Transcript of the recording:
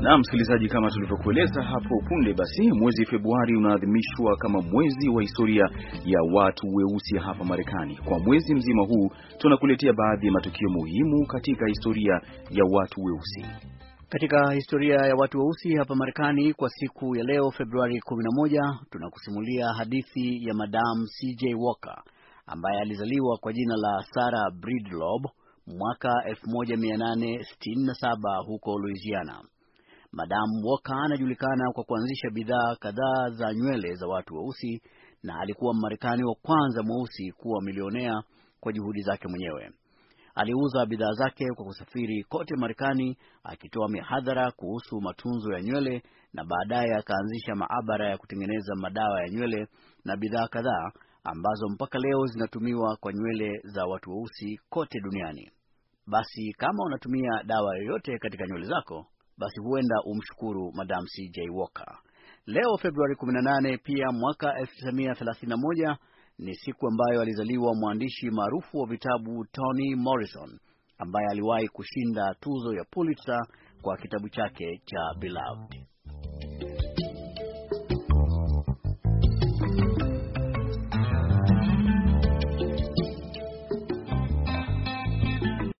Na msikilizaji, kama tulivyokueleza hapo punde, basi mwezi Februari unaadhimishwa kama mwezi wa historia ya watu weusi hapa Marekani. Kwa mwezi mzima huu tunakuletea baadhi ya matukio muhimu katika historia ya watu weusi. Katika historia ya watu weusi hapa Marekani kwa siku ya leo Februari 11, tunakusimulia hadithi ya Madam CJ Walker ambaye alizaliwa kwa jina la Sarah Breedlove mwaka 1867 huko Louisiana. Madam Walker anajulikana kwa kuanzisha bidhaa kadhaa za nywele za watu weusi na alikuwa Mmarekani wa kwanza mweusi kuwa milionea kwa juhudi zake mwenyewe. Aliuza bidhaa zake kwa kusafiri kote Marekani akitoa mihadhara kuhusu matunzo ya nywele na baadaye akaanzisha maabara ya kutengeneza madawa ya nywele na bidhaa kadhaa ambazo mpaka leo zinatumiwa kwa nywele za watu weusi kote duniani. Basi kama unatumia dawa yoyote katika nywele zako, basi huenda umshukuru Madam CJ Walker. Leo Februari 18 pia mwaka 1931 ni siku ambayo alizaliwa mwandishi maarufu wa vitabu Toni Morrison ambaye aliwahi kushinda tuzo ya Pulitzer kwa kitabu chake cha Beloved.